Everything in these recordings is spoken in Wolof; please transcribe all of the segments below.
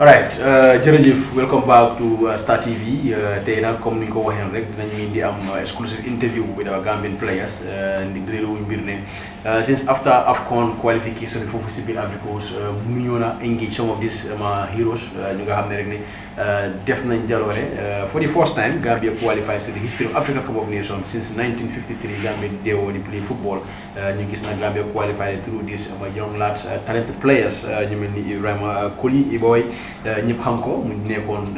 alright euh, jërëjëf welcome back to euh, Star TV euh, tey nag comme ni ñu ko rek dinañ leen di am exclusive interview with our Gambian players ndi réewuñ mbir ne since after AFCON qualification foofu si biir Afrique mu ñu na engage some of these heroes ñu nga xam ne rek ne. Euh, def nañ jaloore euh, for the first time Gambia qualifies to the history of Africa Cup of Nations since 1953 Gambia they only play football euh, ñu gis na Gambia qualified through this ma uh, young lads uh, talented players uh, ñu mel ni Ibrahima Koli Iboy ñëpp xam ko mu nekkoon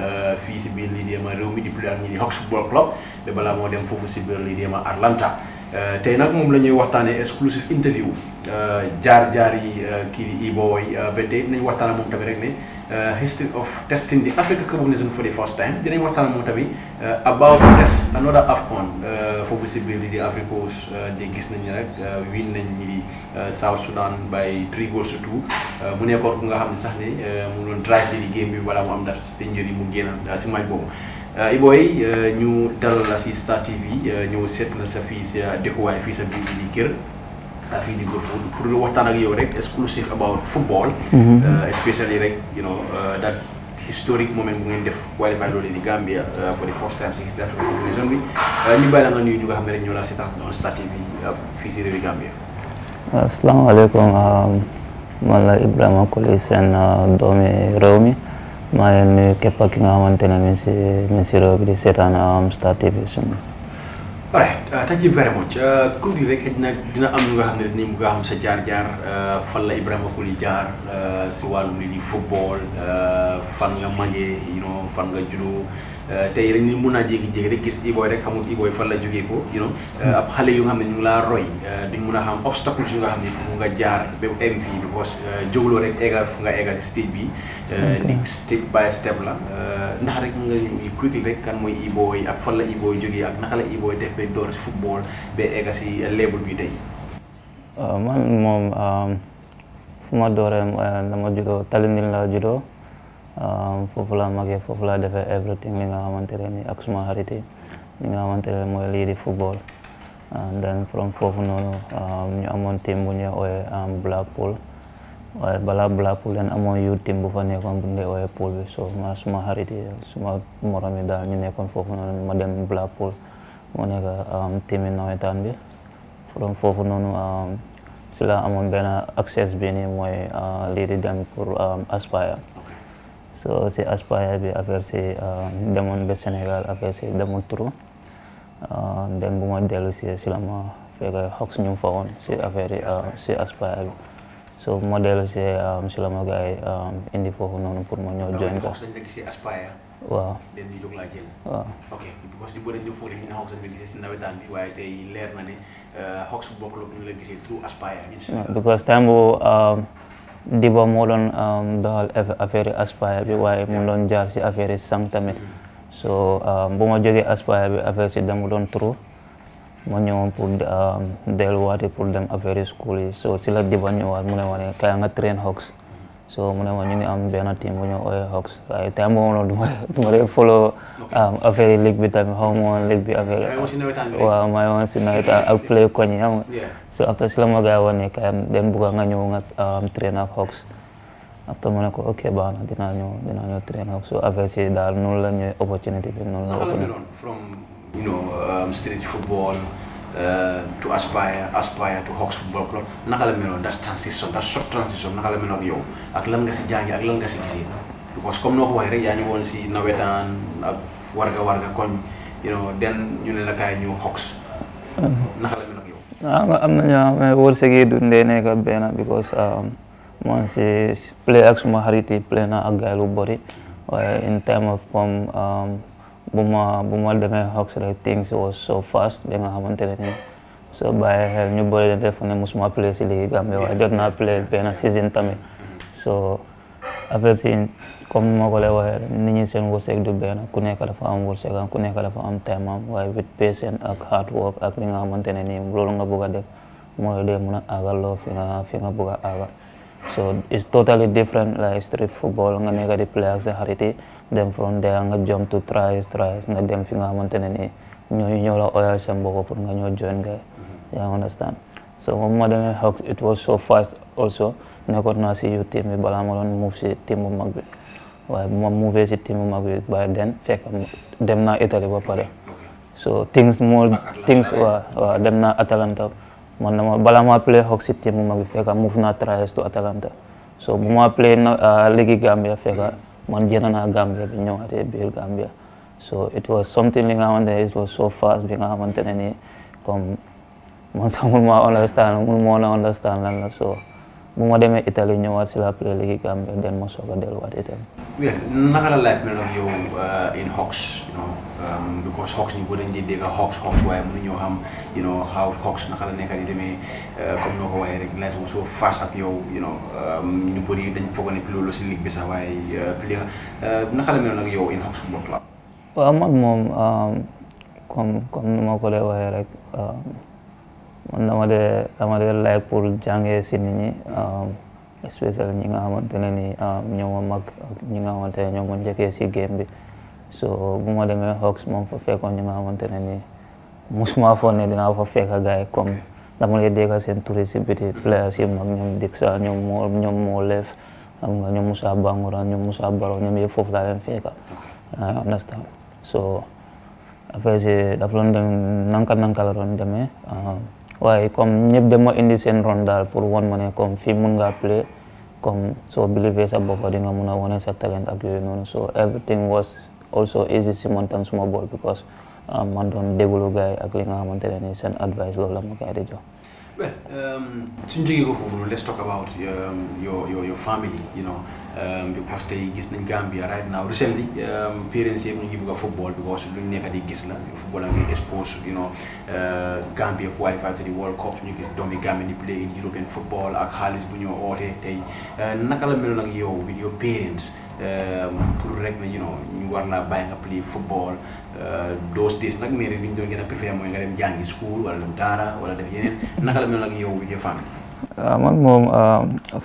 fii si biir lii déema réew mi di play ak ñi di Hawks Football Club ba balaa moo dem foofu si biir lii déema Atlanta Euh, tey nag moom la ñuy waxtaanee exclusive interview euh, jaar jaar yi euh, kii di Ibooy ba tey dinañ waxtaan ak moom tamit rek ne history of testing the Africa Cup of Nations for the first time dinañ waxtaan ak moom tamit si biir di Afrique Coast di gis nañ rek win nañ ñi di South Sudan by three goals to two mu nekkoon ku nga xam ne sax ne mu doon drive bi di game bi wala mu am ndax te njëriñ mu génn si match boobu. Euh, Iboy euh, ñu dalal la si Star TV euh, ñëw seet na sa fii sa dëkkuwaay fii sa biir di kër fii di Brufut pour waxtaan ak yow rek exclusive about football. Mhm. especially rek you know that historic moment bu ngeen def qualify loolu di Gambia for the first time si East African Confederation bi ñu bàyyi la nga nuyu ñu nga xam ne rek ñoo la seetaan on Star TV fii si réewi Gambia. asalaamaaleykum man la Ibrahima Colley seen doomi réew mi. maa ngi leen nuyu ki nga xamante ne mi si mi si réew di seetaan Amstar TV suñu. voilà ah, thank you very much ah, Koulibaly rek dina am lu nga xam ne dinañ bëgg a xam sa jaar-jaar ah, fan la Ibrahima Koulibaly jaar si wàllum li di football fan nga màggee you know fan nga juddoo. Euh, tey rek ñu mun naa jékki-jékki rek gis Iboy rek xamul Iboy fan la jógee ko you know euh, ab xale yu nga xam ne ñu ngi laa roy euh, duñ mun a xam obstacle yu nga xam ne fu nga jaar ba m fii because bi ni step by step la ndax rek nga ñu quick rek kan mooy Iboy ak fan la Iboy jógee ak naka la Iboy def ba door football ba eggal si level bi tey moom fu ma dooree dama juddoo Talinding la juddoo Um, foofu laa magee foofu laa defe everything li nga xamante ne ak suma xarit yi li nga xamante ne mooy lii football then from foofu noonu um, ñu amoon team bu ñu ooyee um, Blackpool waaye balaa Blackpool leen amoon youth team bu fa nekkoon bu ñu ooyee pool bi so ma suma xarit yi suma morom yi daal ñu nekkoon foofu noonu ma dem Blackpool mu nekk team yi nawetaan bi from foofu noonu si la amoon benn access bi nii mooy uh, lii dem pour aspire so si aspaya bi affaire si euh, demoon ba Sénégal affaire si demul trop dem bu ma dellu si si la ma fekk xox ñu fa woon si affaire yi si aspaya bi so bu ma dellu si si la ma gars euh, indi foofu noonu pour ma ñëw join ko waaw dem waaw ok euh, time boobu Diba moo doon um, doxal affaire aspaya bi waaye mu doon jaar si affaire sang tamit so um, bu ma jógee aspaya bi affaire si dama doon trop ma ñëwoon pour um, delluwaati pour dem affaire school yi so si la Diba ñëwaat mu ne ma ne kaay train Hawks so mu ne ma ñu ngi am benn team bu ñu ooyee Hawks waaye temps boobu noonu du ma dee follow um, affaire ligue bi tamit xaw ma woon ligue bi affaire waaw maa ngi si nawetaan ak play koñ yi nga so after si la ma gars yi woon ne kay den nga ñëw nga um, train ak after mu ne ko ok baax na dinaa ñëw dinaa ñëw so affaire si daal noonu la ñëwee opportunity bi noonu la from you um, football Eh, to aspire aspire to Hawks Football Club naka la meloon that transition that short transition naka la ak yow ak lan nga si jàngi ak lan nga si gisee because comme noo ko rek yaa ngi woon si nawetaan ak warga warga koñ you den ñu ne la kaay ñu Hawks naka la ak yow ah, am na ñoo xam ne wërsëg yi dundee nekk benn because um, man si play ak suma xarit yi play na ak gaay lu bëri waaye in time of comme um, bu ma bu ma demee Hawks things was so fast ba nga xamante ne nii soo bàyyi xel ñu boole leen def ne musuma play si ligue Gambie waaye jot naa play benn season tamit so affaire si comme nu ma ko lay waxee nit ñi seen wërsëg du benn ku nekk dafa am wërsëg am ku nekk dafa am time am waaye with patience ak hard work ak li nga xamante ne nii loolu nga bëgg a def mooy dee mun a aagal loo fi nga fi bëgg a aagal so it's totally different like street football nga nekk di play ak sa xarit yi dem from there nga jump to tries tries nga dem fi nga xamante ne nii ñooñu ñoo la oyal sa mbokk pour nga ñoo join nga mm-hmm. yaa understand so moom ma demee Hawks it was so fast also nekkoon naa si yu team bi balaa ma doon move si team mag bi ma move si team by then fekk dem naa Italie ba pare so things more things waaw dem naa Atalanta man dama bala ma play Hawks team mag fekka move naa tryouts to Atalanta so bu ma play na ah, léegi Gambia fekka man génn naa Gambia bi ñëwaatee biir Gambia so it was something li nga xamante ne it was so fast bi nga xamante nii comme man sax mun ma understand mun ma a understand la so bu ma demee Italie ñëwaat si la play léegi Gambia den ma soog a delluwaat Italie. bien naka la life mel noonu yow uh, in Hawks you know um, because Hawks ñu ko dañ di dégg Hawks Hawks waaye mënuñoo xam you know how Hawks naka la nekk di demee uh, comme noo ko waxee rek naka la mel nag yow in Hawks football club. waaw man moom um, comme comme ni ma ko lay waxee rek. Um, man dama dee dama dee like pour jàngee si nit um, ñi spécial ñi nga xamante ne ni ñoo um, ma mag ak ñi nga xamante ne ñoo ma si game bi so bu ma demee Hawks moom fa fekkoon ñi nga xamante ne ni musuma foog ne dinaa fa fekk gars yi e dama lay dégg seen touré si biti players yi mag ñoom Dixa ñoom ñoom moo leef xam nga ñoom Moussa Bangoura ñoom Moussa Baro ñoom yëpp foofu laa leen fekk I ah, understand so affaire yi dafa doon dem nanka nanka la doon demee um, waaye comme ñëpp de ma indi seen ron daal pour wan ma ne comme fii mun ngaa play comme soo believe sa bopp di nga mun a wane sa talent ak yooyu noonu so everything was also easy si man tam suma bool because um, man doon déglu gars ak li nga xamante ne nii seen advice loolu la ma gars yi di ko um, foofu let's talk about um, your Um, because they gis nañ Gambia right now recently um, parents even give a football because luñ nekk di gis la football am expose you know uh, Gambia qualify to the ñu gis doomi Gambia di play in European football ak xaalis bu ñoo oote tey uh, naka la meloon ak yow with your parents um, pour rek na you ñu war laa bàyyi nga play football uh, those days nag mairie li ñu doon gën a préféré mooy nga dem jàngi school wala dem daara wala def yeneen naka la meloon ak yow with fan waaw ah, man moom ah,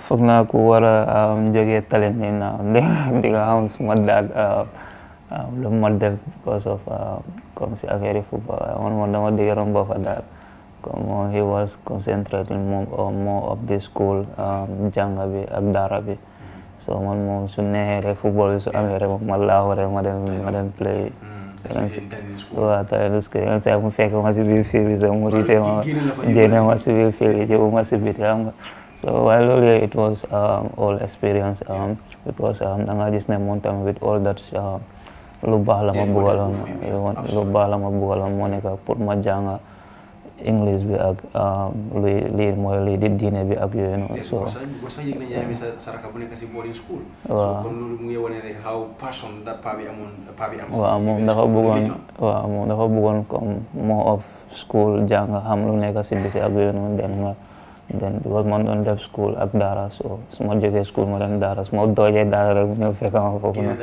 foog naa ko war a ah, jógee talent ni na di nga xam suma daal lu ma def because of comme si affaire football man moom dama diggaroon ba fa daal comme he was concentrating more of the school jàng bi ak daara bi so man moom su neexee rek football bi su amee ma laaxu rek ma dem play waaw tawee luske yoon saa mu fekk ma si biir fii bi sax mu rite ma génne ma si biir fii bi jëbu ma si biti xam nga so waaye loolu yooyu it was um, all experience because um, da ne moom tamit all that um, lu baax la ma bugaloon lu baax ma bugaloon moo nekk pour ma jànga english bi ak luy um, lii mooy luy diine bi ak yooyu noonu. so waaw moom dafa bëggoon waaw moom dafa comme more of school jàng xam lu nekk si biti ak yooyu noonu den because man doon def school ak daara so su ma jógee school ma dem daara su ma doojee daara rek ñëw fekk ma foofu noonu.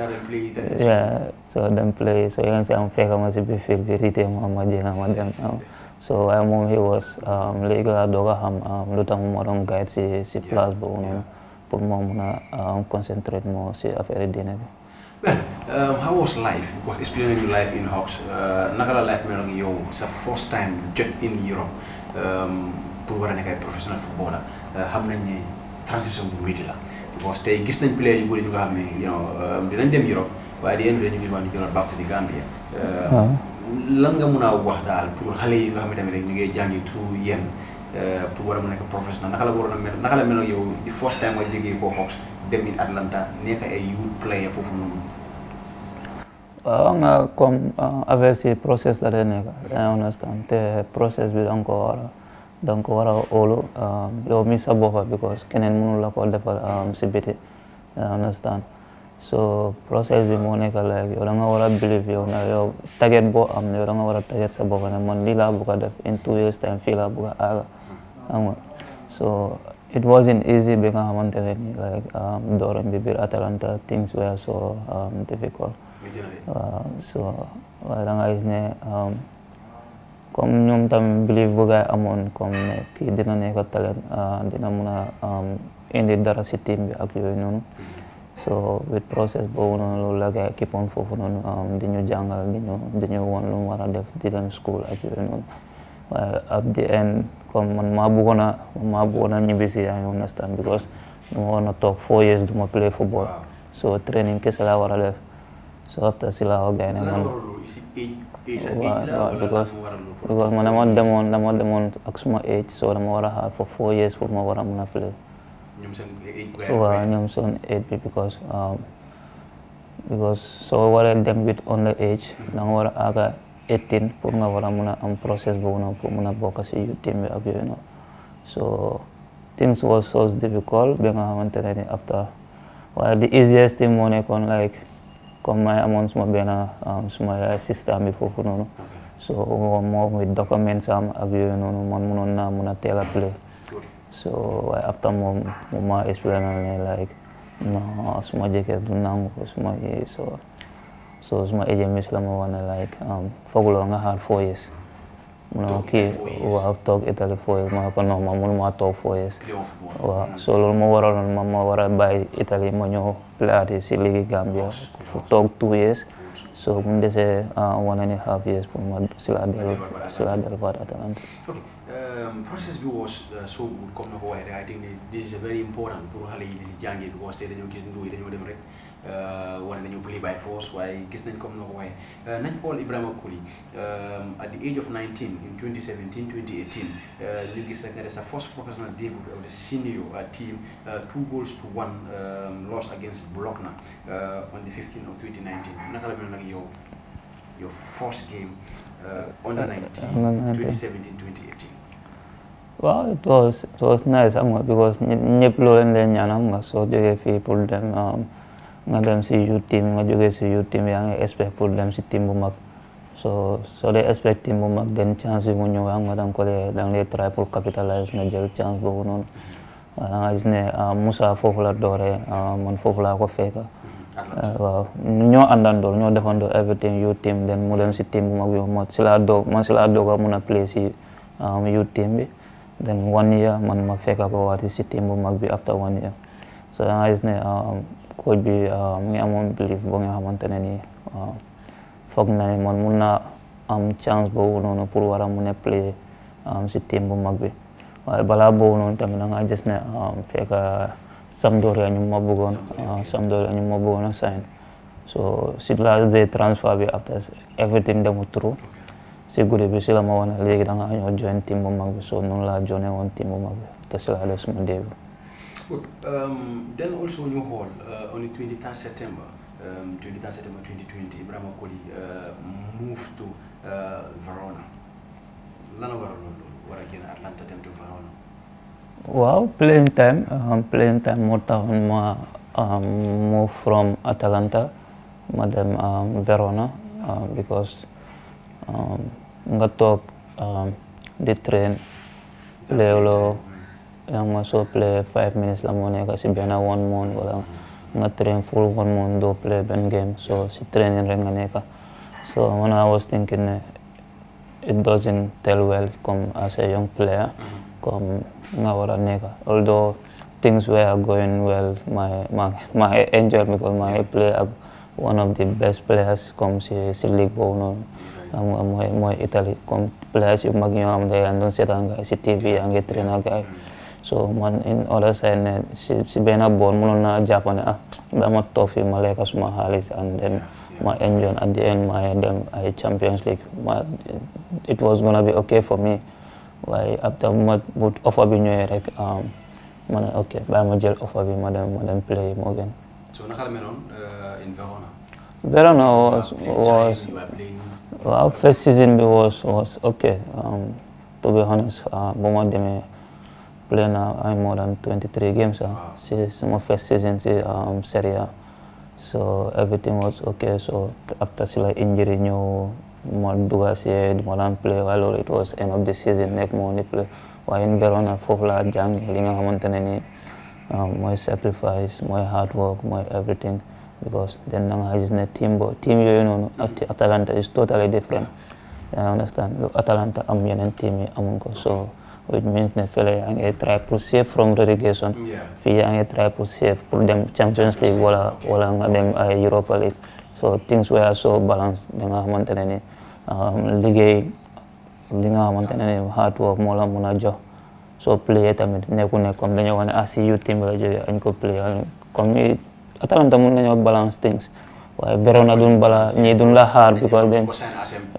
yeah so dem play so yéen si am fekk ma si biir fil bi ma ma jéem ma dem. so waaye moom he was léegi laa doog a xam lu tax mu ma guide si place boobu noonu pour ma mun a um, concentrate moo si affaire diine bi. well um, how was life because experience life in Hawks uh, naka la life mel yow sa first time jot in Europe um, pour war a nekk professional footballer uh, xam nañ transition bu wéti la because tey gis nañ player yu bëri ñu nga xam ne dinañ dem Europe. waaye di invité ñu ngi wax ni jëloon bàq di Gambia. Ah. Euh, lan nga mun a wax daal pour xale yi nga xam ne tamit rek jàngi tout yéen euh, pour war a mun a nekk professionnel naka la yow di first time nga jógee ko Hawks dem it Atlanta nekk ay youth player foofu noonu. waaw nga comme euh, affaire process la dee nekk dangay understand te process bi danga ko war danga ko war a um, yow mi sa boppa because keneen mënul la ko defal um, si biti understand so process bi moo nekk like yow da nga believe yow na yow boo am yow da nga war a target sa bopp ne man lii laa bëgg a def in two years time fii laa bëgg a nga so it wasn't easy bi nga xamante ne nii like um, dooram bi biir Atalanta things were so um, difficult waaw uh, so waaye da nga ne um, comme ñoom tamit believe bu amoon comme ne kii dina nekk talent uh, dina mun a indi dara si bi ak yooyu noonu so with process boobu noonu loolu la gars yi keep foofu noonu um, di ñu jàngal di ñu di ñu woon lu mu war a def di dem school ak yooyu noonu at the end comme man maa bëggoon a man maa understand because dama woon a toog four years du ma play football so training kese laa war a def so after si laa wax gars suma age so for four years pour ma war mun a play waaw ñoom seen age bi because um, because age hmm. da war a àgga 18 pour nga war a mun a am process boobu noonu pour mun a bokk si youth team bi ak yooyu so things was so difficult ba nga xamante ne ni after waaye the easiest thing moo nekkoon like comme may amoon suma benn um, suma yaay sister bi foofu noonu so moom with documents am ak yooyu noonu man munoon mun a teel play so waaye after moom moom ma explain ne like non suma jëkkër du nangu suma yi so ma wax like um, fooguloo nga xaar four years mu ne ma kii waaw toog Italie four years ma ko non ma mënu ma toog four years so loolu moo waraloon ma ma war a bàyyi ma ñëw playaati si ligue Gambia fu two years so mu desee uh, one and half years pour ma si laa dellu Atalanta Um, process bi woo uh, soogul comme na ko waxee rek I think this is very important pour xale yi di si jàngee because tey dañoo gis nduy dañoo dem rek uh, wane nañu play by force waaye gis nañ comme na ko waxee uh, nañ xool Ibrahima Colley um, at the age of 19 in 2017 gis rek sa first professional debut of the senior team two goals to one um, loss against Bologna on the 15th of 2019 naka la mel nag your first game under 19 2017 waaw it was it was nice xam nga ñëpp loo leen leen ñaan soo jogee fi pour dem nga dem si youth team nga jógee si youth team yaa ngi expect pour dem si team bu mag so soo dee expect team bu mag den chance bi mu ñëw xam nga danga ko dee danga dee try pour capitalize nga jël chance boobu noonu waaw gis ne Moussa foofu la dooree man foofu laa ko fekka waaw ñoo àndandoo ñoo defandoo everything youth team den mu dem si team bu mag yow ma si laa doog man si play si youth team bi then one year man ma fekk ko waati si bu mag bi after one year so da nga gis ne ko um, bi uh, mu ngi amoon belief bo nga xamante ne nii uh, foog na ne man mun naa am chance boobu noonu pour war a mun a play si um, bu mag bi waaye balaa boobu noonu tamit da nga gis ne um, fekk uh, Sampdoria ñu ma bëggoon Sampdoria ñu ma bëggoon a sign so si last day transfer bi after everything mu through si guddi bi si la ma woon ne léegi da join team mag bi so noonu laa joine woon team bu mag bi te si laa def suma début. good um, then also ñu xool uh, on the 23 september 23 um, september uh, move uh, to Verona lan la loolu war génn Atlanta dem to Verona. waaw playing time um, playing time moo from Atalanta ma dem Verona because. nga toog di train léeg-léeg yaa ngi soo play five minutes la moo nekk si benn one month wala nga train full one month doo play benn game so si training rek nga nekk so man I was thinking it doesn't tell well comme as a young player comme nga war a although things were going well my my my because my play one of the best players comme si si league boobu ma nga mooy mooy Italie comme players yu mag ñoo xam ne yaa ngi si TV yaa ngi traîner so man in other side ne si si benn boor mënoon naa jàpp ne ah ba ma toog fii ma lekk suma xaalis and then ma enjoy at the end ma dem ay Champions League ma it was gonna be okay for me after ma bu offer bi ñëwee rek um, ma ne ok ba ma jël offer bi ma dem ma dem play moo gën. waaw first season bi was ok okay um, honest bu ma demee play na ay uh, more than 23 games si uh, suma first season si um, Serie A so everything was okay so after si la injury ñëw ma duga si ma daan play waaye it was end of the season nekk moo ni play waaye in Verona foofu laa jàng li nga xamante ne um, mooy sacrifice mooy hard work mooy everything because then da nga gis ne team bo team yooyu noonu mm. ak Atalanta is totally different I understand lu Atalanta am yeneen team yi so which means ne fële yaa ngi try pour save from relegation fii yaa try pour save pour dem Champions League wala wala nga dem Europa League so things were so balanced da nga xamante ne ni um, liggéey li nga xamante ne ni hard work moo la mun a jox so player tamit nekku ne comme dañoo wane a ah, si you team la jógee añ ko player comme Atalanta mun nañoo balance things waaye Verona duñ bala ñii duñ la xaar because dem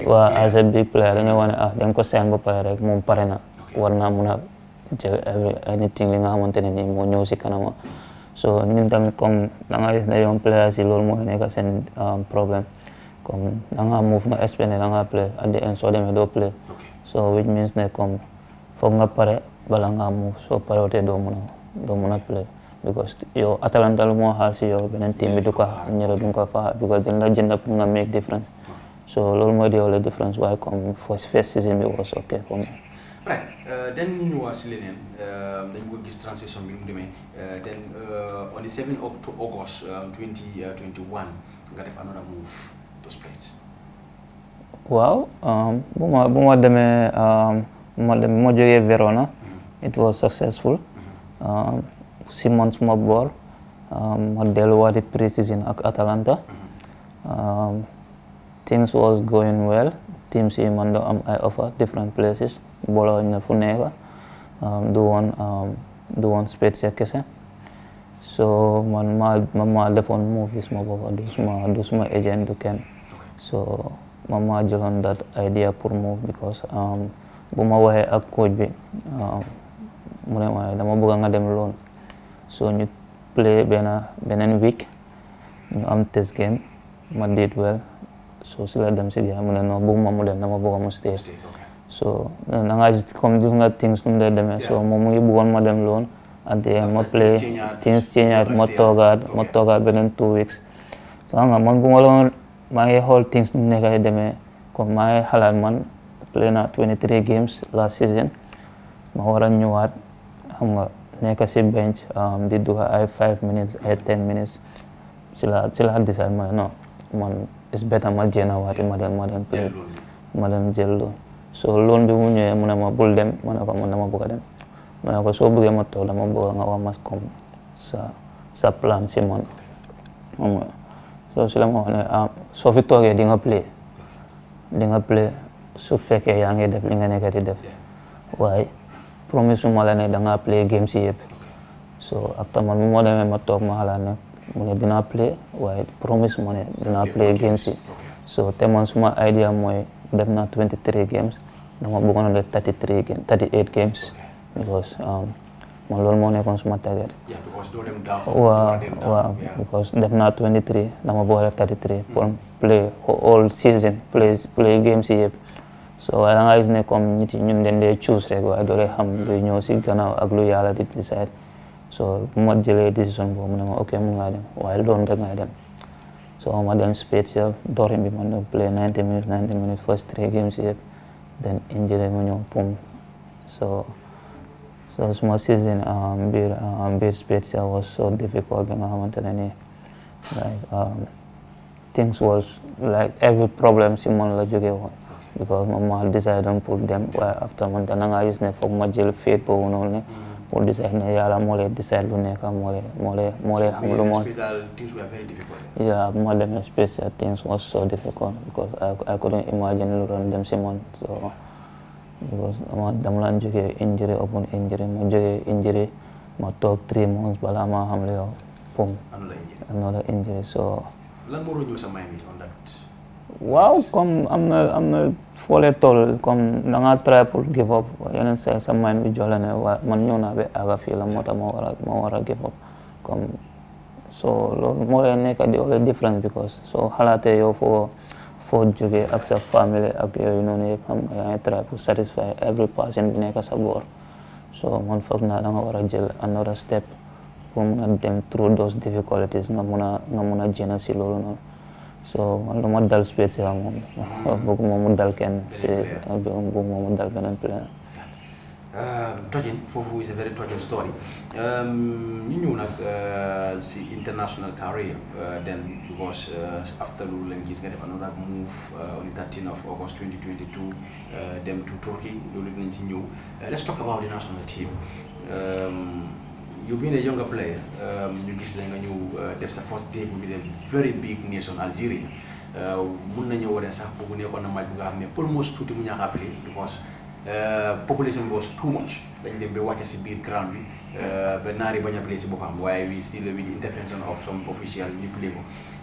waa as a big player dañoo wane ah dañ ko seen ba pare rek moom pare na war naa mun a jël anything li nga xamante ne nii moo ñëw si kanama so ñun tamit comme da nga gis ne yoon players yi loolu mooy nekk seen um, problème comme da nga move nga explain da nga play at the end soo demee doo play so which means ne comme foog nga pare bala nga move soo pare wootee doo doo mun a play because yow Atalanta lu moo xaar si yow beneen team bi du ko xam ñu ne du ko fa because dañ jënd pour nga make difference so loolu mooy di wala difference waaye comme first season bi was ok euh, euh, ko gis transaction bi euh, waaw um, bu ma bu ma demee um, ma demee ma jógee Verona. Mm-hmm. it was successful. Mm-hmm. Um, Simon suma boor ma um, delluwaati pre-season ak Atalanta um, things was going well teams yi man do ay offer different places booloñ na fu nekk um, du woon du woon Spezia kese so man ma man ma defoon move suma bopp du suma du suma agent du kenn so man ma jëloon that idea pour move because bu ma waxee ak coach bi mu ne ma dama bëgg nga dem loon so ñu play benn beneen week ñu am test game ma did well so si la dem si gars mu ne non bëgguma mu dem dama bëgg mu stay so da nga gis comme gis nga things nu mu dee demee so moom mu ngi bëggoon ma dem loon at the ma play things change ma toogaat ma toogaat beneen two weeks so nga ma loon maa ngi xool things nu mu nekkay demee comme maa ngi xalaat man play na 23 games last season ma war a ñëwaat xam nga nekk si bench um, di dugal ay five minutes ay ten minutes si la la decide ma non man it's better ma jéem a waati ma dem ma dem play ma dem jël soo so loon bi mu ñëwee mu ne ma bul dem ma ne ko man dama bëgg a dem ma ne ko soo bëggee ma toog dama bëgg nga wax ma comme sa plan si man so si la ma wax ah, soo fi toogee di nga play di nga play su fekkee yaa ngi def li nga nekk di def waaye promise su ma la ne eh, da ngaa play game si eh, yëpp so after man mu eh, ma demee ma toog ma xalaat ne mu ne dinaa play waaye promise ma ne dinaa play game si so te man suma idea mooy def naa 23 games dama bëggoon a def 33 games 38 games because man loolu moo nekkoon suma target wa waaw because def naa 23 dama bëgg a def 33 pour play all season play games si yëpp so waaye da ngaa gis ne comme nit yi ñun dañ dee choose rek waaye doo dee xam luy ñëw si gannaaw ak lu yàlla di decide so bu ma jëlee décision boobu mu ne ma ok mun ngaa dem waaye loon rek ngay dem so ma dem spécial doorin bi ma doon play 90 minutes 90 minutes first three games yëpp then injury mu ñëw pum so so suma season um, biir um, biir was so difficult ba nga xamante ne nii like um, things was like every problem si man la jógee because man maa décidé pour dem waaye after man dana nga ne foog ma jël faith boobu noonu ne pour décidé ne yàlla moo lay décidé lu nekk moo lay moo lay lu moo yeah ma demee special things was so difficult because I couldn't imagine lu doon dem si man so because dama dama laan jógee injury open ma jógee injury three months balaa ma xam lu yow pum another injury so waaw comme am na am na foo leen toll comme da ngaa try pour give up yeneen sa sa mind bi jox ne waa man ñëw naa ba àgga fii la moo tax moo war a moo war a give up comme so loolu moo lay nekk di ole difference because so xalaatee yow foo foo jógee ak sa famille ak yooyu noonu yëpp xam nga yaa ngi try pour satisfy every person bi nekk sa boor so man foog naa da nga war a jël another step pour mun a dem through those difficulties nga mun a nga a jéem si loolu noonu so lu ma dal Spade si moom bëgguma mu dal kenn si bëgguma mu dal beneen player um, tojin foofu is a very tojin story um, ñu ñëw nag uh, si international career uh, then because uh, after loolu lañ gis nga def another move of August 2022 to Turkey loolu dinañ si ñëw let's talk about the national team um, you being a younger player um, ñu gis la nga ñëw uh, def sa first debut bi very big nation Algeria uh, mun nañoo waree sax boobu nekkoon na match bu nga xam ne almost tuuti mu ñaax appelé because uh, population was too much dañ dem bi wàcce si biir ground bi ba naari bañ a si boppam waaye we still with the intervention of some official ñu play ko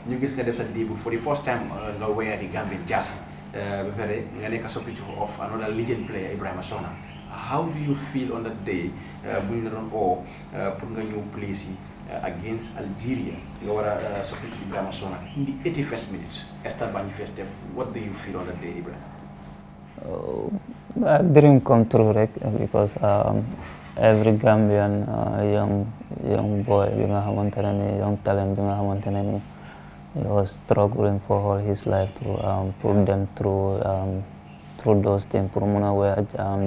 ñu gis nga def sa bu for the first time nga wear di Gambian jersey ba pare nga nekk a substitute of another legend player Ibrahima Sona how do you Euh, bu ñu la doon oo euh, nga ñëw place yi euh, against Algeria nga war a suppléter Sona in the 81st minute stade what do you feel on that day Ibrahima. Oh, a um, uh, young boy bi nga xamante ne ni young talent bi nga xamante ne ni he was struggling for all his life to um, put them um, through those things pour mun a wear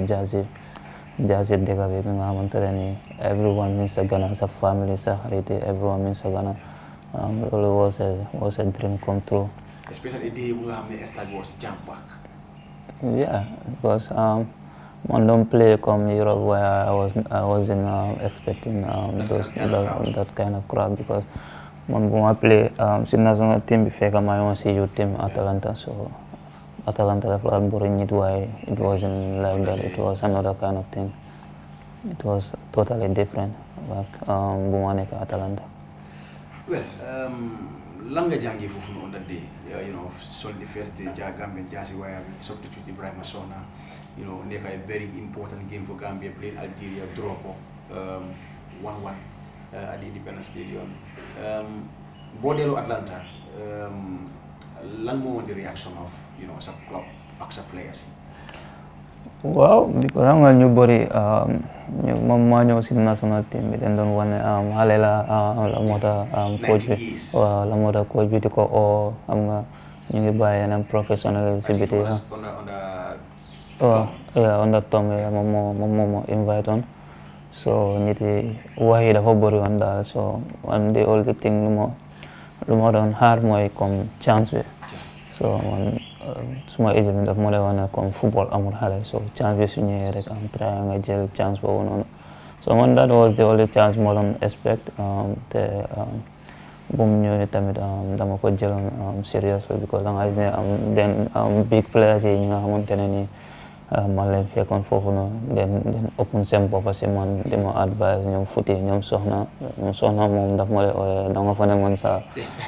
jersey that's it deka bi nga xamante ne nii everyone means sa Ghana sa family sa xarit everyone means sa Ghana loolu was a was a yeah because um, man doon play comme Europe where I was I um, expecting um, those that kind of crowd because man bu ma play si national team bi fekk maa ngi si youth team Atalanta so. Atalanta left Albury, it, was, it wasn't like that. It was another kind of thing. It was totally different, like um, Bumaneka Atalanta. Well, um, Langa Jangi Fufu on day, yeah, uh, you know, so the first day, Gambian Jazzy substitute Ibrahim Asona, you know, a very important game for Gambia, played Algeria, drop off 1 at the Independence Stadium. Um, Bordelo Atlanta. Um, lan waaw because nga ñu bëri um, ñu moom si national team bi dañ doon wane um, xale la um, la moo bi waaw ko oo xam nga ñu ngi bàyyi yeneen professionnel si biti yeah under Tom moom moom invite on so nit yi wax yi dafa bëri woon daal so and the thing lu lu ma doon xaar mooy comme chance bi so man suma équipe bi daf ma lay wane kom football amul xale so chance bi su ñëwee rek am try nga jël chance boobu noonu so man that was the only chance ma doon expect um, te um, bu mu tamit um, dama ko jëloon sérieux because da nga gis ne am den big players yi ñi nga xamante ne nii Ah, man leen fekkoon foofu noonu den den open seen bopp si man di ma advice ñoom futi ñoom soxna ñoom soxna moom daf ma lay ooyee dama fa ne man sa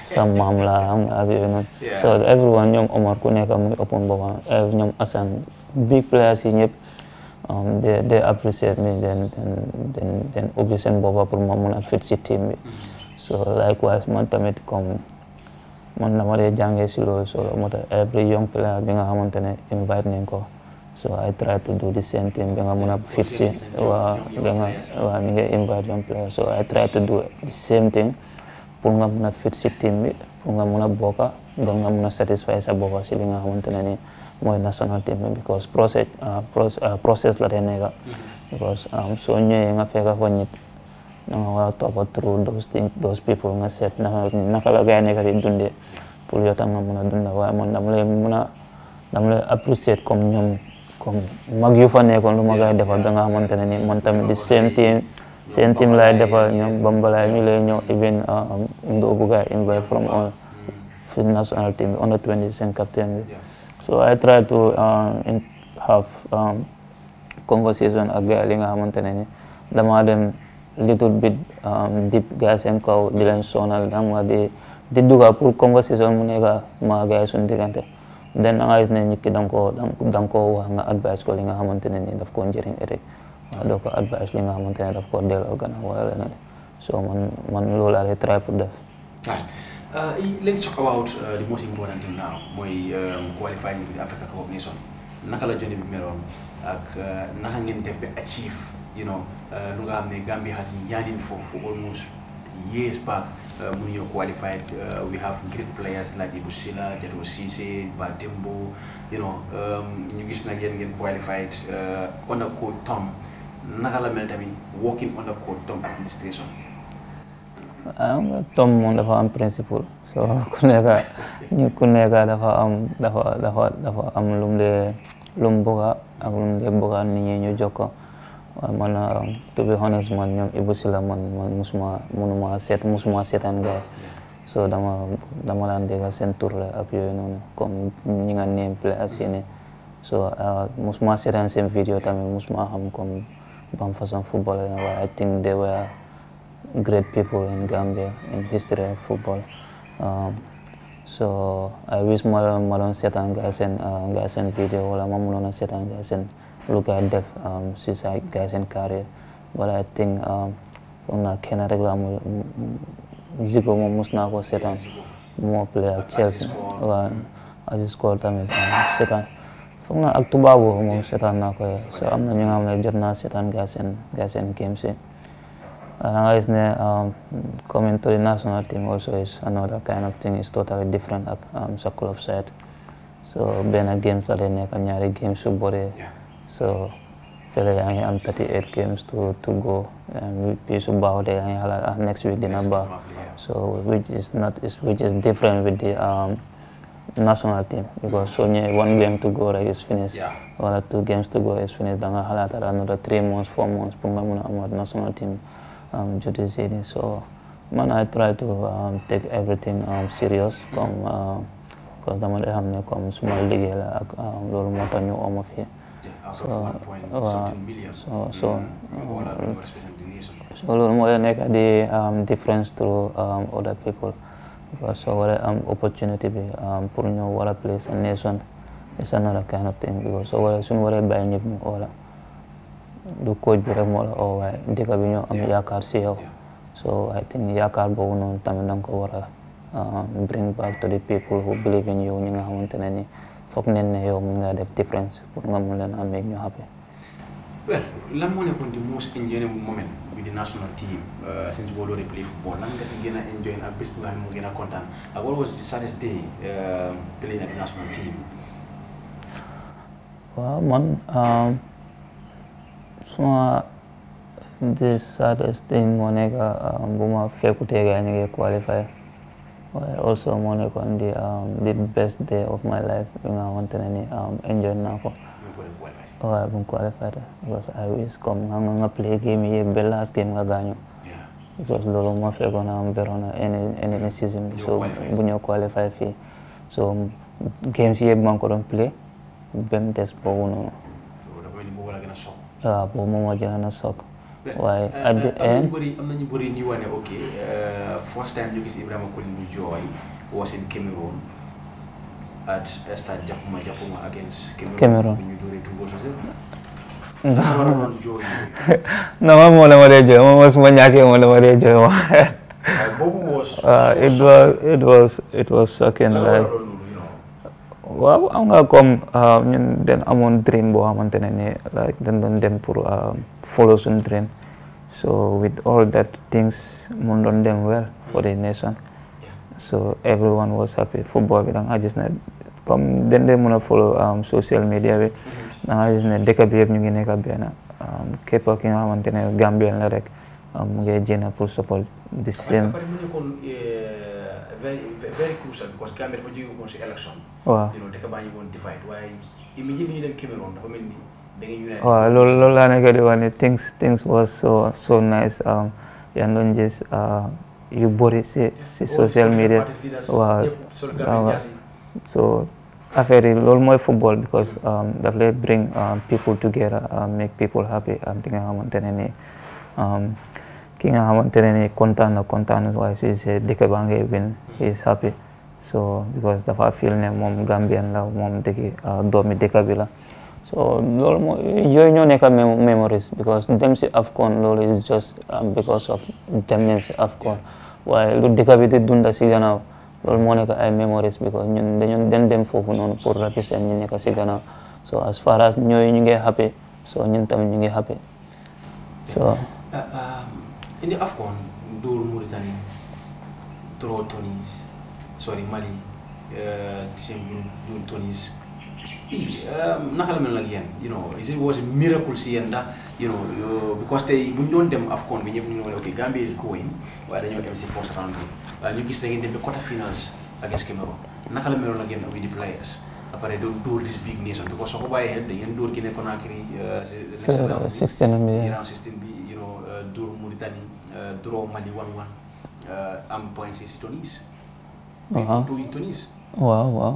sa maam la xam nga ak yooyu noonu ñoom Omar ku nekk muy open boppam eh, ñoom Assane big players yi ñëpp de de mi den den seen boppa pour ma mun a fit si team bi mm-hmm. so likewise man tamit comme man dama dee jàngee si loolu so moo tax every young player bi nga xamante ne invite nañ ko so I try to do the same thing ba nga mën a fit si waa ba nga waa I try to do the same pour nga mën a fit si bi pour nga mën a bokk ba nga a satisfy sa bopp si li nga xamante ne nii mooy national team bi because process ah, ah, process la dee nekk because um, soo ñëwee nga fekk fa nit da nga war a toppa through those things those people nga seet naka la ga yi nekk di dundee pour yow nga mën a dunda waaye man dama lay mën a dama lay appreciate comme ñoom comme mag yu fa nekkoon lu ma koy nga xamante ne ni man tamit di seen team seen team laay defal ñoom bambalaay ñu lay ñëw even um, Ndoobu gaay invite from fi national team bi so I try to um, have um, conversation ak gaay nga xamante ne ni damaa dem little bit deep gaay seen kaw di sonal dam nga di di duga conversation mu nekka maa gaay suñu diggante den da nga gis ne nit ki da nga koo da nga koo wax nga advice ko li nga xamante ne nii daf koo njëriñ rek waaw doo ko advice li nga xamante ne daf koo delloo gannaaw wala leneen so man man loolu laa lay try pour def. Uh, let's talk about uh, mooy um, qualifying with naka la jonne bi meloon ak uh, naka ngeen def achieve you know lu uh, nga xam ne Gambia has been yearning for for almost years back. uh, Munio qualified. Uh, we have great players like Ibusila, Jato Sise, Batembo. You know, um, you guys again get qualified uh, Tom. Nagala Meltami working ah, Tom moom dafa am principle so ku nekka ñu ku nekka dafa am dafa dafa dafa am lu mu dee lu mu bëgga ak lu mu dee bëgga nit ñi ñu jokko waaw man um, to be honest man ñoom Ibou Sylla man man musuma munuma seet musuma seetaan gars so dama dama daan dégg ak yooyu noonu comme ñi nga name place yi ne so uh, musuma seetaan seen vidéo tamit musuma xam comme ban football I think they were great people in Gambia in history of football um, so I wish ma doon ma doon seetaan uh, wala ma munoon a seetaan gars seen look at def um, suicide guys in but I think um, foog naa kenn rek la amul Zico moom naa ko seetaan moo play ak Chelsea waaw Aziz Kool tamit um, seetaan naa ak tubaabu moom seetaan naa ko so am na ñu nga xam ne jot naa seetaan guys seen guys game si nga gis ne coming national team also is another kind of thing is totally different ak sa club side so benn games la day nekk ñaari games su boree so fele yaa ngi am 38 games to go bi su baaxutee yaa ngi xalaat ah, next week dina baax so which is not which is different with the um, national team because soo ñëwee one game to go is finished wala two games to go is finished da nga another three months four months pour nga mun a amaat national team um, so man I try to um, take everything um, serious comme because dama de xam ne comme suma liggéey la ak loolu moo tax ñu oma so so mm, mm. so so loolu moo leen nekk di difference through um, other people because soo waree um, opportunity bi pour ñu wala place a nation is another kind of thing because soo waree suñu waree bàyyi ñëpp ñu oola du coach bi rek moo la bi ñoo am yaakaar si yow so I think yaakaar boobu noonu tamit danga ko bring back to the people who believe in you ñi nga xamante ne nii foog ne ne yow mun ngaa def différence pour nga mun leen amee ñu xàppe. well lan moo nekkoon di most national team uh, since boo dooree play football lan si gën a enjoy ak bés bu nga a kontaan ak what was the uh, at the national team. waaw man um, suma the saddest thing moo nekk um, bu fekkutee gars yi ñu ngi also moo nekkoon di best day of my life bi nga xamante ne ni enjoy naa ko waaw bu mu qualifié because I wish comme nga nga play game yi ba last game nga gaañu because moo fekkoon am beroon any season bi so bu ñëw qualifié fii so um, games yëpp maa ngi ko doon play ba mu des boobu noonu waaw moom moo gën a soog waaye at the end am bëri am nañu bëri ñu wane la ma dee jooy moom su ma ñàkkee moo la ma dee jooy waaw ah, it was it was it was shocking like waaw am nga kom ah, ñun amoon dream boo xamante ne nii like dañ doon dem pour ah, follow suñu dream so with all that things mun doon dem well for the nation so everyone was happy football bi da a gis ne comme den de mun a follow ah, social media bi da nga gis ne dëkk bi yëpp ñu ngi nekk benn képp ki nga xamante ne Gambien la rek mu ngi jéem pour support the same very very crucial because waaw you laa nekk di wax things was so nice um, yaa ngi doon uh, yu bëri si social media. waaw so affaire yi loolu mooy football because um, daf lay bring um, people together make people happy di nga xamante ne nii. ki nga xamante ne nii kontaan kontaan waaye su dëkk baa ngay win he is happy so because dafa feel ne moom Gambien la moom dëkk ah, doomi dëkk bi la so loolu moo yooyu ñoo nekk memories because dem si AFCON loolu is just ah, because dem si AFCON bi di dunda si gannaaw loolu moo nekk ay memories because ñun dañu den dem foofu noonu pour represent ñu nekk si gannaaw so as far as ñooyu ñu ngi happy so ñun tam ñu ngi happy so. Uh, um, trop Tonis sorry Mali seen ñun Tonis i naka la mel nag yéen you know it was miracle si yéen ndax you know eh, because tey bu ñu doon dem Afcon bi ñëpp ñu ngi wane ok Gambie is going waaye dañoo dem si first round bi waaye ñu gis da ngeen dem ba quarter finals against Cameroon naka la meloon nag yéen with the players après doon dóor this big nation because soo ko bàyyee xel da ngeen dóor Guinée Conakry eh, sixteen bi you know eh, dóor Mauritanie draw am waaw waaw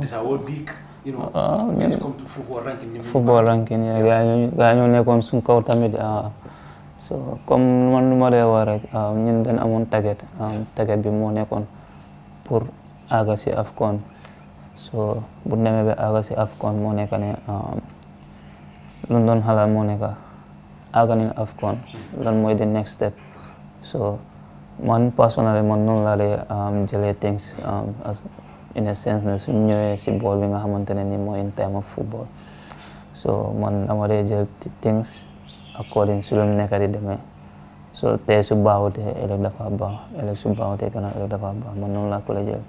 football ranking. yaa ñoo ñoo nekkoon suñ kaw tamit so comme man lu ma dee wax rek ah, ñun dañ amoon ah, target bi moo nekkoon pour àgg si AFCON so bu demee ba àgg si AFCON moo nekk ne ah, lu doon xalaat moo nekk àgg nañ AFCON lan mooy the next step so. man personally man noonu laa dee um, jëlee things um, in a sense ne suñ ñëwee si bool bi nga xamante ne ni mooy in time of football so man dama dee jël things according su lu nekk di demee so tey su baaxutee ëllëg dafa baax ëllëg su baaxutee gannaaw ëllëg dafa baax man noonu laa ko la jël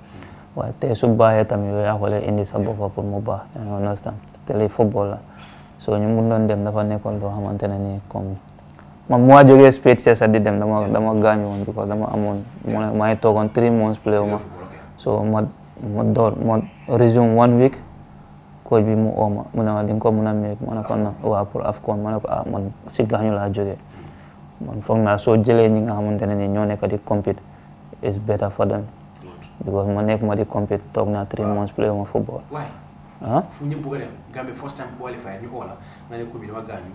waaye tey su baaxee tamit yooyu yaa ko lay indi sa bopp pour mu baax yaa ngi understand te lii football la so ñu mun doon dem dafa nekkoon loo xamante ne nii comme man bu ma jógee Spade César di dem dama dama gaañu woon parce que dama amoon maa ngi e toogoon three months play ma so ma ma door ma resume one week coach bi mu oo ma mu ne ma nga ko mën a meeg ma ne ko na waaw pour AFCON ma ne ko ah man si gaañu laa jógee man foog naa soo jëlee ñi nga xamante ne nii ñoo nekk di compete is better for them because ma nekk ma di compete toog naa three months play ma football ah fu ñëpp bëgg la nga ne coupe bi dama gaañu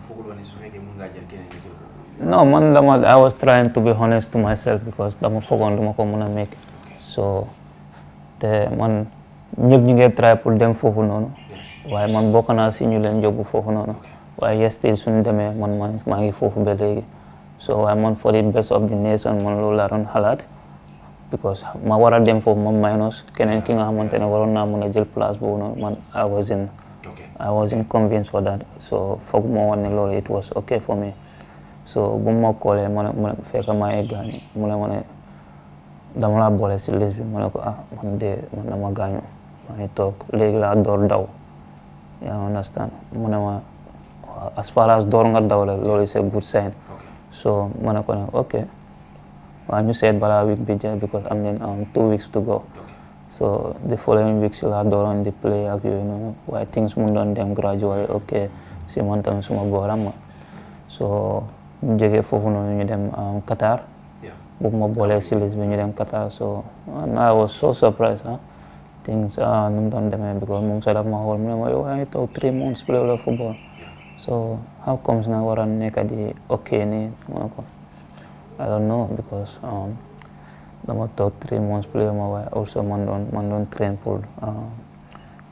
man dama I was trying to be honest to myself because dama foogoon duma ko mën a make so te man ñëpp ñu ngi try pour dem foofu noonu waaye man bokk naa si ñu leen yóbbu foofu noonu waaye yestil suñu demee man maa ngi foofu ba léegi so waaye man for the best of the nation man loolu laa doon xalaat because ma war a dem foofu ma minus keneen ki nga xamante ne waroon naa mun a jël place boobu noonu man I wasn't I wasn't for that so foog moo woon ne loolu it was okay for me so bu ma koolee ma ne ma fekk maa ngi gaañu mu ne ma boole si liste ma ko ah man de man dama gaañu maa ngi toog léegi laa door daw yaa understand mu ne ma as far as door nga daw la loolu c'est good sign so ma ne ko ne ok waaw ñu seet balaa week bi jeex because am um, two weeks to go so the following week si laa dooroon di play ak yooyu noonu waaye things mu doon dem gradually ok si man tamit suma booram ma so ñu jógee foofu noonu ñu dem um, Qatar bu ma boolee si liste bi ñu dem Qatar so I was so surprised ah things uh, nu doon demee because moom sax ma xool mu ne ma yow yaa toog three months play la football so how comes nga war a nekk di ok nii I don't know because um, dama toog three months play ma waaye also man doon man train pour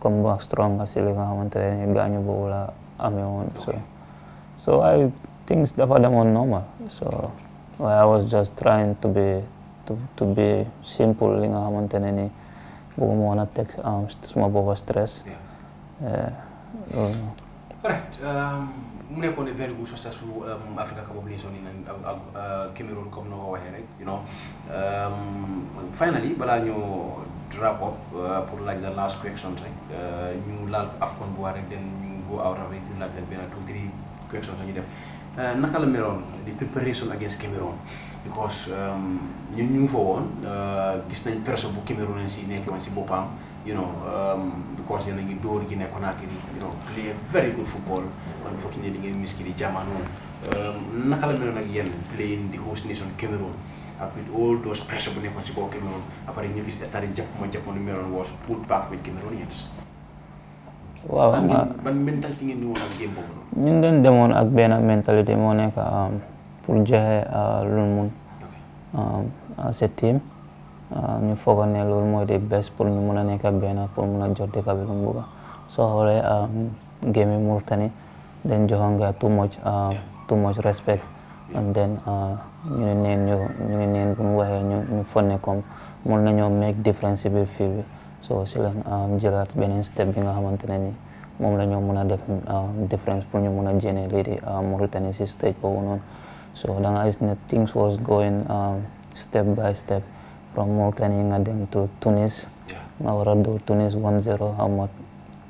come back stronger si li nga xamante ne gaañu boobu la amee woon so so I things dafa demoon normal so I was just trying to be simple li nga xamante ne ni bëgguma woon a teg suma booba stress. All mu nekkoon very good successful um, Africa Cup of Nations in uh, Cameroon comme no ko waxee rek you know um, finally balaa ñoo wrap up uh, pour laaj la last question rek uh, ñu laal AFCON bu war rek den ñu go out rek ñu laaj leen benn two three questions ñu def uh, naka la meloon di preparation against Cameroon because um, ñun ñu ngi fa woon gis nañ perso bu Cameroon si nekk woon si boppam you know, um, because you know, you do it in you know, play very good football. Unfortunately, you miss the German one. Um, Nakalamelon again playing the host nation Cameroon. Up with all those pressure on the Cameroon, apparently, you started Japan, Japan, Cameroon was pulled back with Cameroonians. waaw xam nga ngeen ñëwoon ak ak benn mentalité moo nekk um, pour joxe euh, lu mu mun. Um, ñu foogoon ne loolu mooy de best pour ñu mun a nekk benn pour mu a jot dëkk bi lu soo xoolee game yi Mauritanie dañ joxoon nga too much too much respect and then ñu ne neen ñu ñu neen bu ñu waxee ñu ñu fonne comme mun nañoo make difference si biir fil bi so si lañ jëlaat beneen step bi nga xamante ne ni moom la ñoo mun a def difference pour ñu mun a génne lii di Mauritanie si stage boobu noonu so da nga ne things was going step by step from Mauritanie nga dem to Tunis nga war a door Tunis 1-0 amat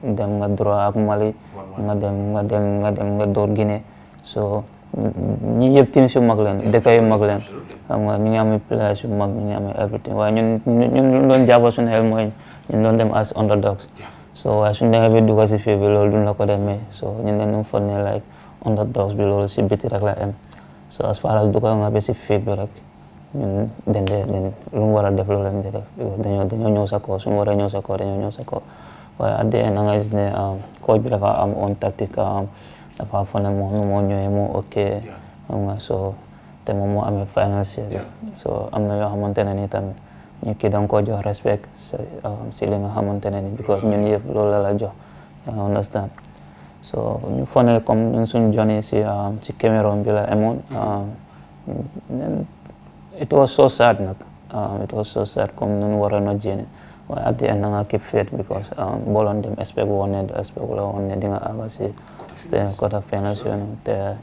dem nga draw ak Mali nga dem nga dem nga dem nga door Guinée so ñi yëpp team yu mag leen dëkk yu mag leen xam nga ñu ngi amee players yu mag ñu ngi amee everything mooy ñun doon dem as underdogs so waaye suñu demee bi dugal si fii bi loolu la ko demee so ñun dañu foog ne like underdogs bi loolu si biti la am so as far as dugal nga ba si fii rek ñun den de den lu mu war a def loolu lañ di def dañoo dañoo ñëw sa koo su mu war a ñëw sa koo dañoo ñëw sa koo waaye at the end nga gis ne um, coach bi dafa am on tactique um, dafa foog ne moom moo ñëwee moo ok xam nga so te moom moo amee final series so am na yoo xamante ne ni tamit ñu kii da nga koo jox respect si um, li nga xamante ne ni because ñun yëpp loolu la la jox yaa understand so ñu foog ne comme ñun suñu journey si si Cameroon bi la emoon mm-hmm. it was so sad nag um, it was so sad comme nun waroon a jéene at the end nga keep faith because um, dem expect woon ne expect la woon ne di nga àgg si stay quarter te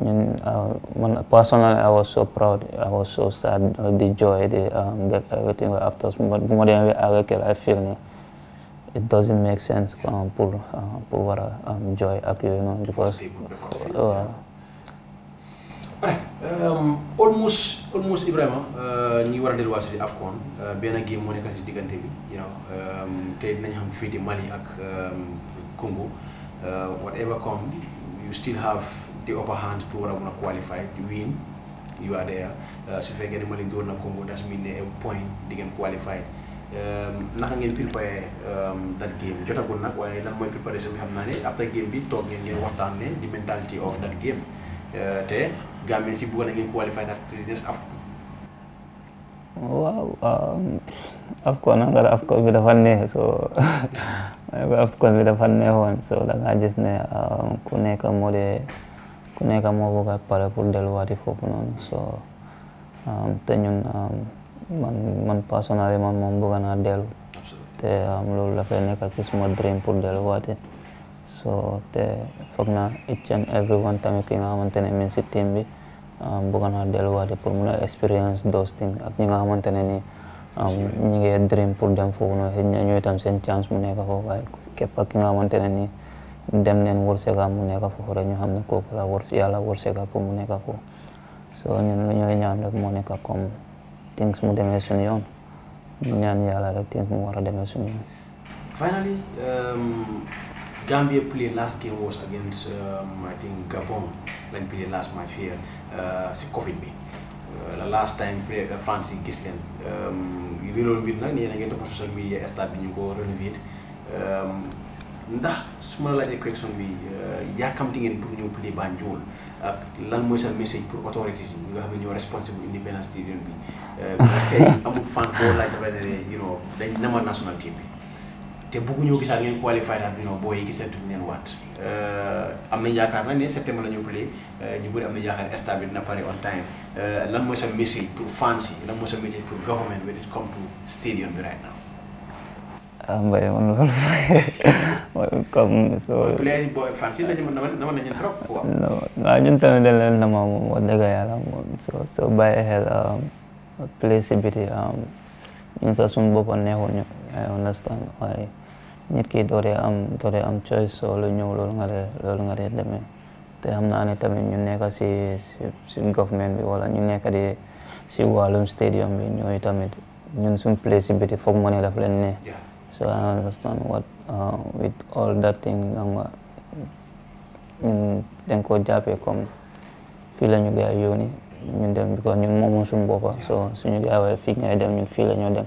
ñun um, personally I was so proud I was so sad uh, the joy the um, that everything after bu ma demee àgg kel I feel ne it doesn't make sense um, pour joy ak yooyu noonu because right euh, almost almost Ibrahima euh, ñi war a delluwaat si AFCON euh, benn game moo nekk si diggante bi you know te dinañ xam fii di Mali ak Congo whatever come you still have the upper hand pour war a mun a qualify win you are there su fekkee ne Mali dóor na Congo das mean ne point di ngeen qualify naka ngeen préparé that game jotagul nag waaye lan mooy préparation bi xam naa ne after game bi toog ngeen ngeen waxtaan ne di mentality of that game te Gambia si bëggoon ngeen qualify waaw um, AFCON nag AFCON bi dafa bi dafa neexoon so da ngaa ne um, ku nekk moo de ku nekk moo bëgg pare pour delluwaati foofu noonu so um, te ñun man man moom bëgg naa dellu. te loolu dafay nekkal si suma dream pour delluwaati. so te foog na each and everyone tamit ki nga xamante ne si team bëgg naa delluwaate pour mun a expérience those things ak ñi nga xamante ne nii ñi ngi dream pour dem foofu noonu xëy na ñooy tam seen chance mu nekk foofu waaye képp ak ki nga xamante ne nii dem neen wërsëga mu nekk foofu rek ñu xam ne kooku la wër yàlla wërsëga pour mu nekk foofu so ñun lu ñaan rek moo nekk comme things mu demee suñu yoon ñaan yàlla rek things mu war a demee suñu yoon. finally um, Gambia play last Uh, si Covid bi uh, la last time uh, France yi gis leen um, réeróolu mbir nag yéen a ngi topp social media stade bi ñu ko relevé um, ndax su ma la laajee question bi yàkkamti ngeen pour ñëw play Banjul ak lan mooy sa message pour autorités yi nga xam ne ñoo responsible independence stadium bi. ndax tey amul fan boo laaj dafay ne you know dañ nama national team bi. te bëgguñoo gisaat ngeen qualifié naat non booy gisatuñ leen waat euh, am na yaakaar na ne septembre la ñu play euh, ñu bëri am nañ yaakaar stade bi dina pare on time euh, lan sa message pour fans yi lan mooy sa message pour government when it come to stadium bi right ah, man loolu mooy comme soo. play booy fans yi la ñu mën na nañu trop quoi. non waaw ñun tamit dañ leen nama moom wax dëgg yàlla moom soo soo bàyyi xel um, play si biti um, ñun sax suñu bopp neexuñu I understand nit ki dooree am dooree am choice soo lu ñëw te xam naa ne tamit ñu nekk si si government bi wala ñu nekk di si wàllum stadium bi ñooy tamit ñun suñ place si biti foog mu ne daf leen ne so I understand what uh, with all that thing xam nga ñun dañ koo jàppee fii la ñu gars yi yónni ñun dem because ñu moomu suñu boppa so suñu gars waaye fii ngay dem ñu fii la ñoo dem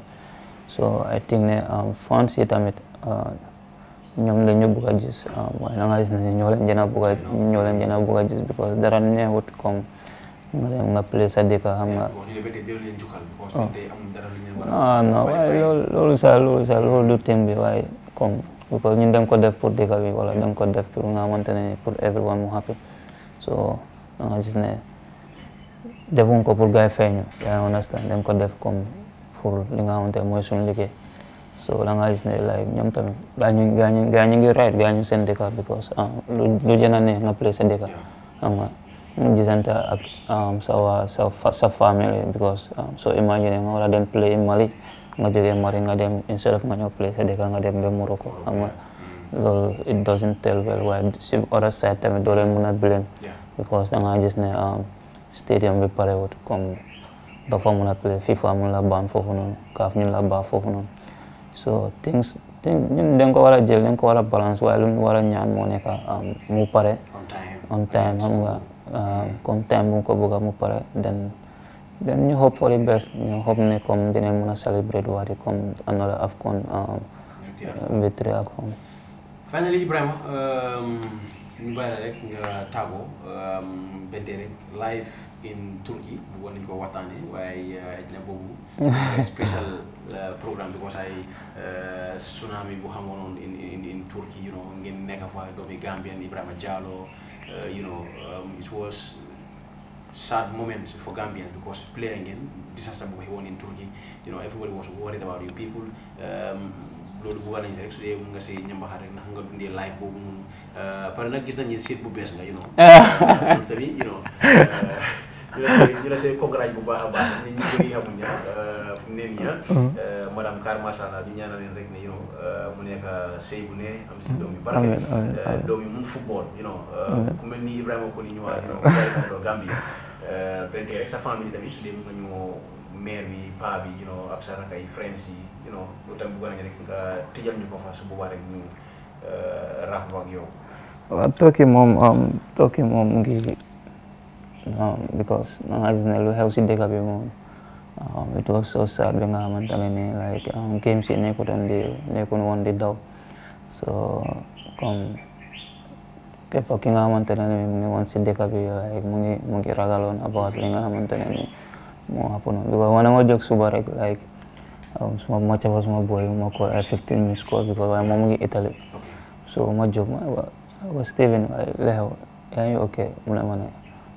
so I think ne fans yi tamit Uh, ñoom dañu bëgg a gis uh, mooy na nga gis ne ñoo leen gën a bëgg a ñoo a bëgg because dara neexut comme nga dem nga place sa dëkk xam nga oh. ah non waaye loolu loolu loolu sax loolu du thème bi waaye comme because ñun dañ ko def pour dëkk bi wala dañ ko def pour nga xamante ne pour everyone mu happy so da nga ne defuñ ko pour gars yi feeñu yaa understand dañ ko def comme pour li nga xamante mooy suñu liggéey so da nga gis ne like ñoom tamit ga gaañu gaañu ngi right gaañu seen dëkk because ah, lu jëna ne nga play sa dëkk xam ak sa sa sa famille because ah, so imagine nga wala dem play Mali nga jógee Mali nga dem instead of nga ñëw play sa dëkk nga dem ba Morocco xam nga ah, loolu it doesn't tell well waaye si other side tamit doo leen mën a blame because da nga gis ne um, stadium bi parewut comme dafa mën a play FIFA mun la baan foofu noonu la baa foofu so things things ñun dañ ko war a jël dañ ko war a balance waaye lu mu war a ñaan moo nekk um, mu pare. on time xam nga um, comme time bu ko bëgg mu pare then then ñu hope for the best ñu hope ne comme dinañ ko a celebrate waati comme another um, ak home. finally Ibrahima special uh, program because I uh, tsunami bu xamoon in in in Turkey you know ngeen nekk fa doomi Gambian Ibrahima Diallo uh, you know um, it was sad moment for Gambians because player ngeen disaster bu xewoon in Turkey you know everybody was worried about you people. Um, loolu bu wàll rek su dee mun nga see ñambaxaar rek ndax nga dundee laaj boobu noonu uh, pare nag gis nañ ne bu bees nga you know. tamit you know. Uh, ñu la see ñu la see congrats bu baax a baax nit ñi bëri xamuñ ña euh, fu mu ne nii ah uh-huh. euh, madame Kaar macha allah leen rek ne euh, mu nekk sëy bu ne am si uh-huh. doom yu barke doom yi mun football you know ku mel ni Ibrahima ko ni ñu waa you know do uh-huh. Gambie benn rek sa famille tamit su dee mën nañu mère bi paa bi you know ak sa rakk friends yi you know loolu tamit bëggoon nañu rek nga tëjal ñu ko fa su boobaa rek ñu ràpp ak yow waaw moom um, tooki ngi Um, because nga gis ne lu si dëkk bi moom it was so sad bi nga xamante ne ni like game si nekkutoon di nekkul woon di daw so comme képp ki nga xamante ne ni mu ngi woon si dëkk bi like mu ngi mu ngi ragaloon about li nga xamante ni moo happen because wane ma jóg suba rek like suma ma caba suma boy ma ko ay fifteen minutes because waaye moom mu ngi Italie so ma jóg ma wa Steven lexew yaa ngi ok mu ne ma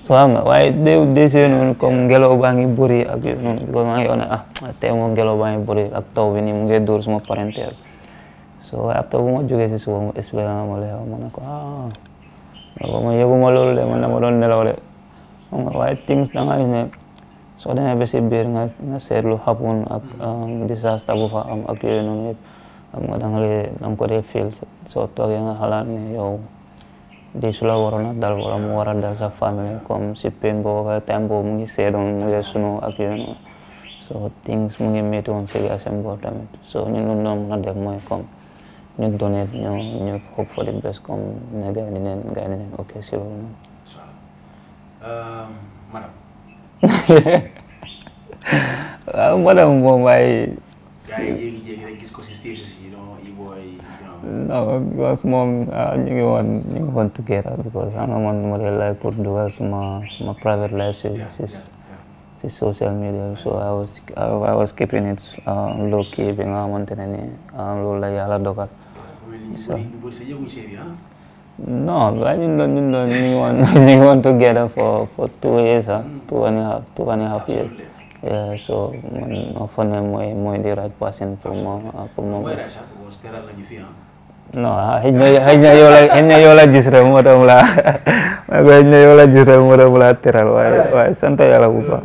so xam nga waaye de dese noonu comme ngelaw baa ngi bëri ak yooyu noonu because maa ngi wax ne ah baa ngi bëri ak taw bi nii mu ngi dóor suma parenteel so waaye après ma jógee si suba mu expliqué ma la ma ne ko ah ma loolu de man dama doon nelaw de xam nga waaye things da nga gis ne soo demee ba si biir nga nga seetlu happen ak disaster bu fa am nga da nga ko dee feel soo toogee nga xalaat ne yow di su la waroon dal wala mu war dal sa famille comme si pain boobu ak time boobu mu ngi seedoon mu ngi sunu ak yooyu noonu so mu ngi métti woon si gaa seen boor tamit so ñun lu a def mooy comme ñu donate ñu hope for the best comme ne gaa neen gaa neen ok si loolu noonu. madame. waaw ah, because moom uh, ñu ngi woon ñu ngi woon together because xam nga man ma dee pour dugal suma private life si social media so I was I it uh, low key bi nga xamante ne ni uh, loolu la dogal so non ñun doon ñun doon ñu ngi woon ñu ngi woon together for two years ah two and a two and a so man ma mooy mooy di right person pour ma pour ma. non xëy na xëy na yow la xëy la gis rek moo tax mu laa xëy na yow la gis rek moo tax laa teral waaye waaye sant yàlla bu baax.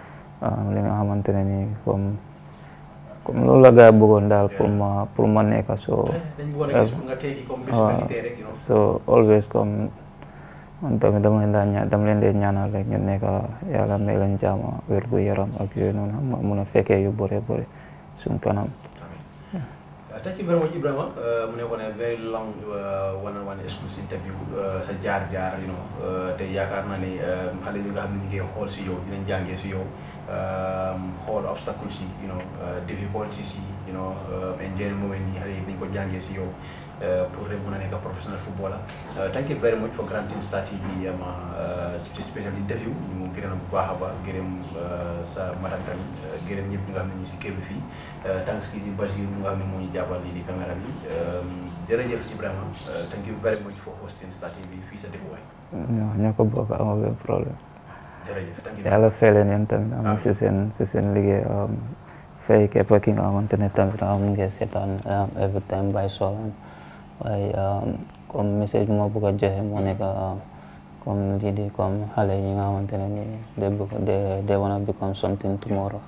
waaw ah, li nga xamante ne nii comme comme loolu la gars yi bëggoon daal pour ma pour ma nekk so eh, so always comme man tamit dama leen daan ñaan dama leen dee ñaanal rek ñu nekk yàlla may leen jaama wér gu yaram ak yooyu noonu ma mun fekkee yu bëre bëri suñ kanam ah, ah, jaar jaar you know jàngee si yow xool um, obstacles yi you know uh, difficulties yi you know uh, and njëriñ moom nii xale yi nañ ko jàngee si yow uh, pour rek mën a nekk professional footballer. thank you very much for granting Star TV ma special interview ñu ngi gërëm bu baax a baax sa madame tamit gërëm ñëpp ñu nga ñu si kër bi fii thanks ki si Basir mu nga xam ne moo ñu jàppal nii di caméra bi um, jërëjëf Ibrahima thank you very much for hosting Star TV fii sa dëkkuwaay. non ñoo ko bokk amoo benn problème. yàlla fay leen yéen tamit am seen si seen liggéey um, fay képp ki nga xamante ne tamit am um, ngeen seetaan um, every time by Solan waaye comme message moo bëgg a joxe moo nekk comme lii di comme xale yi nga xamante ne ni they they they wanna become something tomorrow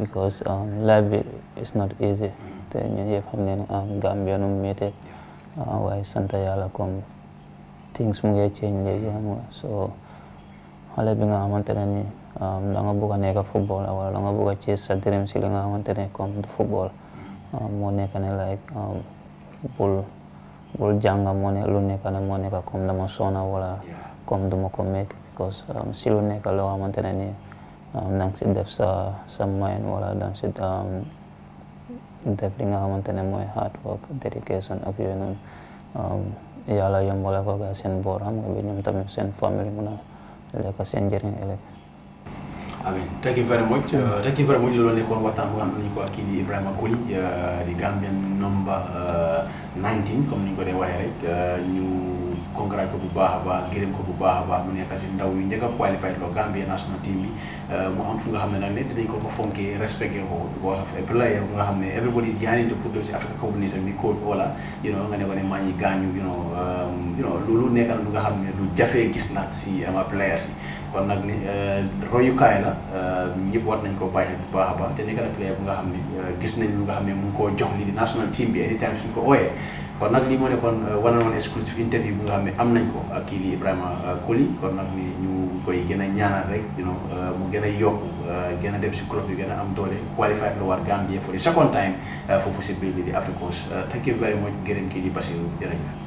because life bi is not easy mm-hmm. te ñun yëpp ne Gambia nu mu méttee uh, waaye sant yàlla things mu ngi change léegi xam nga so xale bi nga xamante ne ni da um, nga bëgg a nekk football wala da nga bëgg a ci sa dërëm si li nga xamante ne comme football um, moo nekk ne like um, bul bul moo ne lu nekk ne moo nekk comme dama sona wala comme dama ko meek because si lu nekk loo xamante ne ni da si def sa sa mind wala da nga si def li nga xamante ne mooy hard work dedication ak yooyu noonu yàlla yombale ko ga seen boor xam nga bi ñoom tamit seen famille mun a ëllëg e ak seen njëriñ ëllëg. amiin thank you very much uh, thank very much loolu nekkoon waxtaan bu nga xam ne ñu ko ak kii di Ibrahima Colley di uh, Gambian number 19 comme ni ñu ko dee congrats ko bu baax a baax gërëm ko bu baax a baax mu nekk si ndaw yi njëkk a qualifié loo national team bi euh, mu am fu nga xam ne nag ne ko ko fonkee respecté ko because of a player bu nga xam ne everybody is yearning to put them si Africa community bi coach ne ko nga xam ne lu jafee gis nag si ama euh, players yi kon ni euh, royukaay la ñëpp war nañ ko bàyyi bu baax a baax te nekk na player bu nga xam ne gis nañ lu nga xam ne mu ngi jox li di national team bi anytime suñ ko ooyee kon nag lii moo nekkoon one on one exclusive interview bu nga xam ne am nañ ko ak kii di Ibrahima euh, Coly kon nag ñu koy gën a ñaanal rek you know euh, mu gën a yokk euh, gën a dem si club bi gën a am doole qualified lu war Gambia for the second time for possibility Africos thank you very much gërëm kii di Basirou jërëjëf